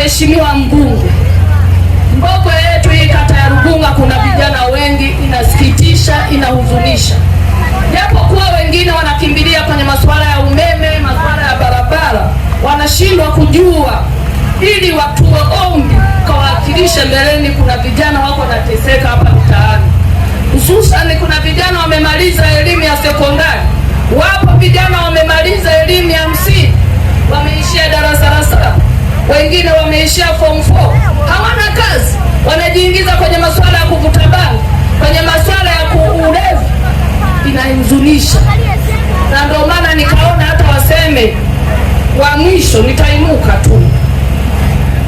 Mheshimiwa mgungu mboko yetu hii kata ya Rugunga kuna vijana wengi, inasikitisha, inahuzunisha. Japokuwa wengine wanakimbilia kwenye masuala ya umeme, masuala ya barabara, wanashindwa kujua ili watuwe ombi kawakilishe mbeleni. Kuna vijana wako wanateseka hapa mtaani, hususani kuna vijana wamemaliza elimu ya sekondari, wapo vijana wamemaliza elimu ya msingi, wameishia darasa la saba wengine wameishia form 4 hawana kazi, wanajiingiza kwenye masuala ya kuvuta bangi, kwenye masuala ya kuulevi, inahuzunisha. Na ndio maana nikaona hata waseme wa mwisho nitainuka tu.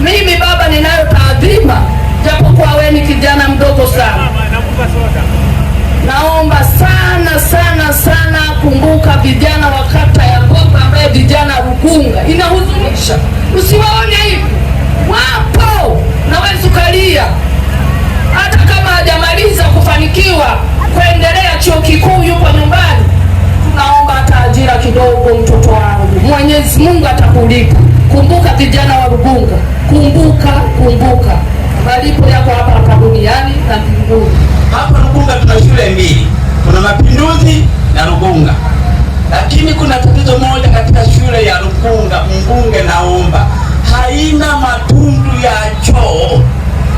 Mimi baba, ninayo taadhima, japokuwa we ni kijana mdogo sana Naomba sana sana sana, kumbuka vijana wa kata ya Kopa ambaye vijana Rugunga, inahuzunisha usiwaone hivi, wapo na ukalia, hata kama hajamaliza kufanikiwa kuendelea chuo kikuu, yuko nyumbani. Tunaomba hata ajira kidogo, mtoto wangu, Mwenyezi Mungu atakulipa. Kumbuka vijana wa Rugunga, kumbuka, kumbuka. kuna tatizo moja katika shule ya Lukunga. mbunge naomba, haina matundu ya choo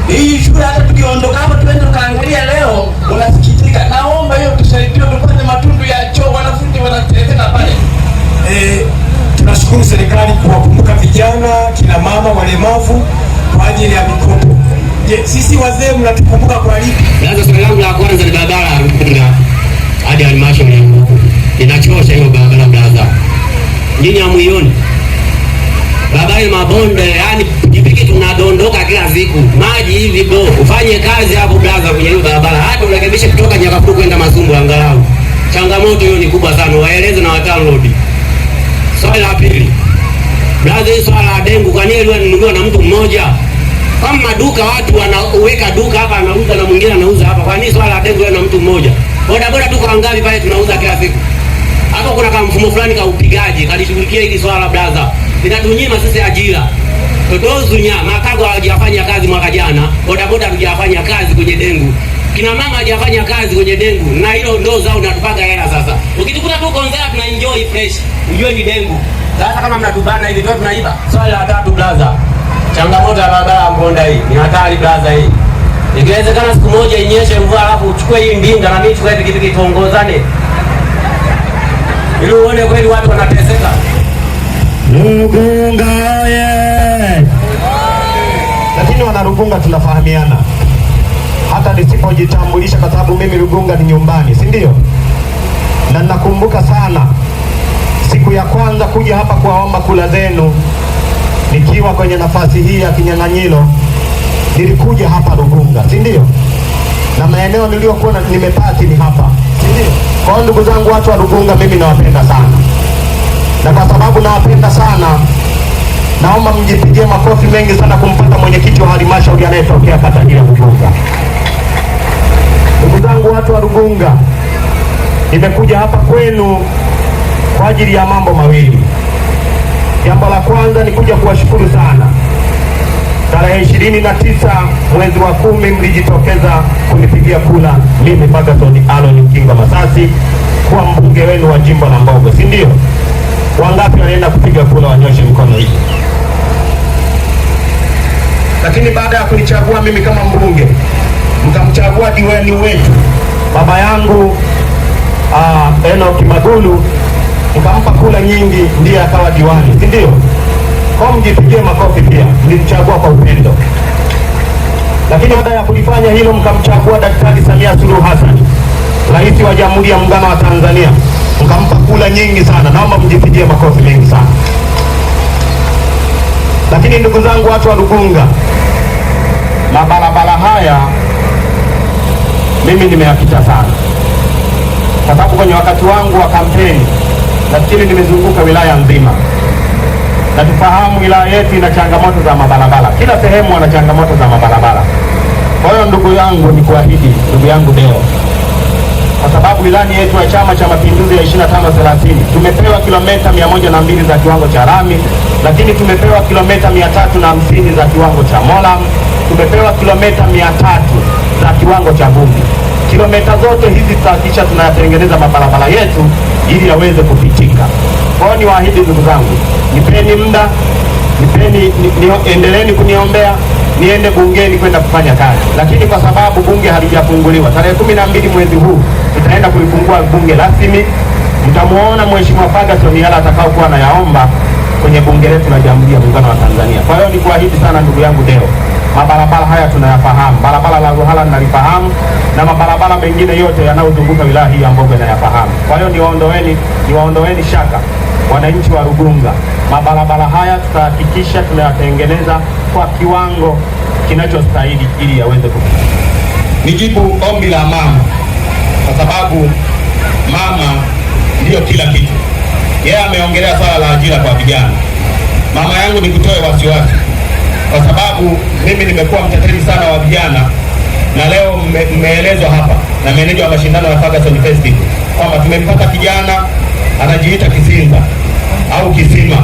hii shule. Hata tukiondoka hapo tuende tukaangalia leo, unasikitika. Naomba hiyo tusaidie tupate matundu ya choo, wanafunzi wanateseka pale. Eh, tunashukuru serikali kuwakumbuka vijana, kina mama, walemavu kwa ajili ya mikopo. Je, sisi wazee mnatukumbuka kwa lipi? Naanza swali langu la kwanza ni barabara ya Rukunga hadi halmashauri ya Rukunga. Inachosha hiyo barabara blaza, nyinyi hamuioni barabara ya mabonde? Yani pikipiki tunadondoka kila siku, maji hivi bo. Ufanye kazi hapo blaza, kwenye hiyo barabara, hata urekebishe kutoka Nyakapuru kwenda Masumbu, angalau. Changamoto hiyo ni kubwa sana, waeleze na watarudi. Swali la pili blaza, hii swala la dengu, kwa nini linunuliwa na mtu mmoja kama maduka watu wanaweka duka hapa anauza na mwingine anauza hapa. Kwa nini swala la dengu na mtu mmoja? Bodaboda tuko wangapi pale tunauza kila siku? hapa kuna kama mfumo fulani ka upigaji kalishughulikia hili swala brada linatunyima sisi ajira todozunya makago hawajafanya kazi mwaka jana, bodaboda hatujafanya kazi kwenye dengu, kina mama hajafanya kazi kwenye dengu, na hilo ndo zao natupaga hela. Sasa ukitukuta tu konzea tuna enjoy fresh, ujue ni dengu. Sasa kama mnatubana hivi tu tunaiba. Swali la tatu brada changamoto ya barabara Mponda hii ni hatari brada Hii ikiwezekana siku moja inyeshe mvua, alafu uchukue hii ndinga na mimi chukue pikipiki tuongozane. Ili uone kweli watu wanateseka. Rugunga ye! Lakini wana Rugunga tunafahamiana, hata nisipojitambulisha, kwa sababu mimi Rugunga ni nyumbani, si ndio? Na nakumbuka sana siku ya kwanza kuja hapa kuwaomba kula zenu, nikiwa kwenye nafasi hii ya kinyang'anyiro, nilikuja hapa Rugunga, si ndio? eneo niliyokuwa nimepaki ni hapa. Kwa hiyo ndugu zangu, watu wa Lugunga, mimi nawapenda sana, na kwa sababu nawapenda sana, naomba mjipigie makofi mengi sana kumpata mwenyekiti wa halmashauri anayetokea kata hii ya Lugunga. Ndugu zangu, watu wa Lugunga, nimekuja hapa kwenu kwa ajili ya mambo mawili. Jambo la kwanza ni kuja kuwashukuru sana tarehe ishirini na tisa mwezi wa kumi mlijitokeza kunipigia kula mimi Pagathon Alon Mkinga Masasi kuwa mbunge wenu wa jimbo la mbogo si ndio? Wangapi wanaenda kupiga kula? Wanyoshe mkono hii. Lakini baada ya kunichagua mimi kama mbunge, mkamchagua diwani wetu baba yangu ah, Enoki Magulu, mkampa kula nyingi, ndiye akawa diwani, si ndio? kwa mjipigie makofi pia, mlimchagua kwa upendo. Lakini baada ya kulifanya hilo, mkamchagua Daktari Samia Suluhu Hassan, rais wa Jamhuri ya Muungano wa Tanzania, mkampa kula nyingi sana. Naomba mjipigie makofi mengi sana. Lakini ndugu zangu, watu wa Lugunga, mabarabara haya mimi nimeyapita sana, kwa sababu kwenye wakati wangu wa kampeni nafikiri nimezunguka wilaya nzima na tufahamu wilaya yetu ina changamoto za mabarabara, kila sehemu wana changamoto za mabarabara. Kwa hiyo ndugu yangu, ni kuahidi ndugu yangu Deo, kwa sababu ilani yetu ya Chama cha Mapinduzi ya 2530 tumepewa kilomita 102 za kiwango cha rami, lakini tumepewa kilomita 350 za kiwango cha molam, tumepewa kilomita 300 za kiwango cha vumbi. Kilomita zote hizi tutahakikisha tunayatengeneza mabarabara yetu ili yaweze kupita kushika. Kwa hiyo niwaahidi ndugu zangu, nipeni muda, nipeni ni, endeleeni kuniombea niende bungeni kwenda kufanya kazi, lakini kwa sababu bunge halijafunguliwa tarehe kumi na mbili mwezi huu tutaenda kulifungua bunge rasmi. Mtamuona Mheshimiwa Fagason yala atakaokuwa anayaomba kwenye bunge letu la Jamhuri ya Muungano wa Tanzania. Kwa hiyo nikuahidi sana ndugu yangu Deo mabarabara haya tunayafahamu, barabara la Ruhala nalifahamu na mabarabara mengine yote yanayozunguka wilaya hii ya Mbogwe nayafahamu. Kwa hiyo niwaondoeni, niwaondoeni shaka wananchi wa Rugunga, mabarabara haya tutahakikisha tunayatengeneza kwa kiwango kinachostahili ili yaweze kufika. Nijibu ombi la mama, kwa sababu mama ndiyo kila kitu. Yeye ameongelea swala la ajira kwa vijana. Mama yangu, nikutoe wasiwasi kwa sababu mimi nimekuwa mtetezi sana wa vijana na leo mmeelezwa hapa na meneja wa mashindano ya Ferguson Festival kwamba tumempata kijana anajiita Kisinza au Kisima,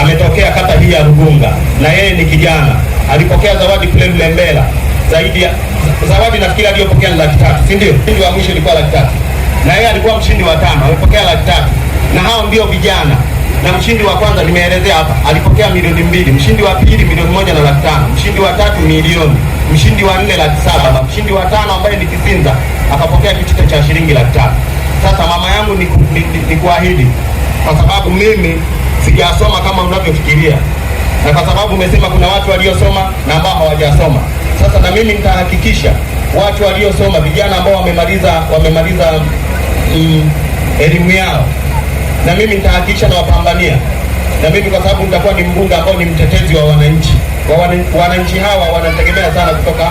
ametokea kata hii ya Rugunga na yeye ni kijana, alipokea zawadi kule Mlembela zaidi ya zawadi, nafikiri aliyopokea ni laki tatu, si ndio? Mshindi wa mwisho ilikuwa laki tatu na yeye alikuwa mshindi wa tano, amepokea laki tatu, na hao ndio vijana na mshindi wa kwanza nimeelezea hapa alipokea milioni mbili, mshindi wa pili milioni moja na laki tano, mshindi wa tatu milioni, mshindi wa nne laki saba, mshindi wa tano ambaye ni Kisinza akapokea kitita cha shilingi laki tano. Sasa mama yangu ni, ni, ni, ni kuahidi kwa sababu mimi sijasoma kama unavyofikiria, na kwa sababu umesema kuna watu waliosoma na ambao hawajasoma. Sasa na mimi nitahakikisha watu waliosoma, vijana ambao wamemaliza wamemaliza mm, elimu yao na mimi nitahakikisha nawapambania na mimi kwa sababu nitakuwa ni mbunge ambao ni mtetezi wa wananchi. Kwa wananchi hawa wanategemea sana kutoka,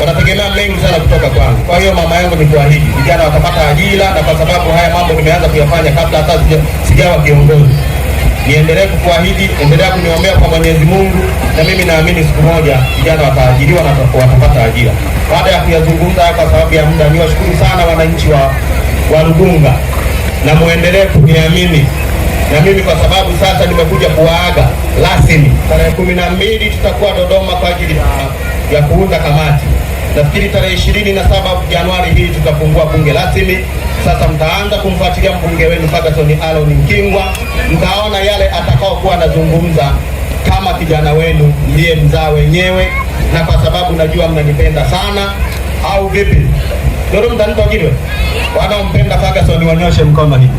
wanategemea mengi sana kutoka kwangu. Kwa hiyo mama yangu, ni kuahidi vijana watapata ajira, na kwa sababu haya mambo nimeanza kuyafanya kabla hata sijawa kiongozi. Niendelee kukuahidi, endelea kuniombea kwa Mwenyezi Mungu, na mimi naamini siku moja vijana wataajiriwa na watapata ajira. Baada ya kuyazungumza, kwa sababu ya muda, niwashukuru sana wananchi wa Rugunga na muendelee kuniamini na mimi kwa sababu sasa nimekuja kuwaaga rasmi. Tarehe kumi na mbili tutakuwa Dodoma kwa ajili ya kuunda kamati. Nafikiri tarehe ishirini na saba Januari hii tutafungua bunge rasmi. Sasa mtaanza kumfuatilia mbunge wenu Ferguson Alon Mkingwa, mtaona yale atakaokuwa anazungumza kama kijana wenu ndiye mzaa wenyewe, na kwa sababu najua mnanipenda sana, au vipi? Jorumta niko kimya. Wanaompenda Ferguson wanyoshe mkono hivi.